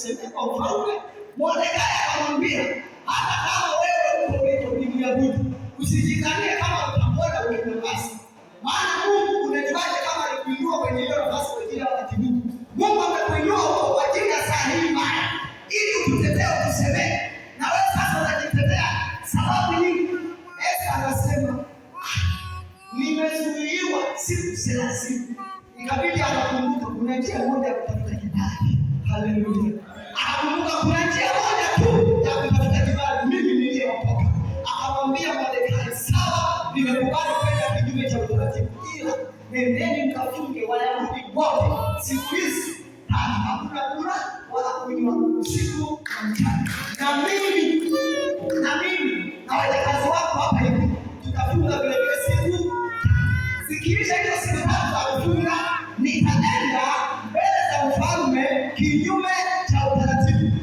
kusemeka ufalme. Mordekai akamwambia hata kama wewe uko beko kuniabudu, usijikanie kama utapona kwenye nafasi, maana Mungu unajuaje kama alikuinua kwenye hiyo nafasi kwa ajili ya wakati huu? Mungu amekuinua huko kwa ajili ya saa hii mbaya, ili ukutetee, ukusemee, na wewe sasa unajitetea sababu nyingi. Esta anasema nimezuiliwa siku thelathini, ikabidi anakumbuka kuna njia moja ya kutafuta kibali. Haleluya! vimekubali kwenda kinyume cha utaratibu, ila nendeni mkafunge Wayahudi wote siku hizi, hakuna kula wala kunywa usiku na mchana. Na mimi na mimi na watakazi wako hapa hivi tutafunga vile vile siku zikiisha hizo siku tatu za kufunga, nitaenda mbele za mfalme kinyume cha utaratibu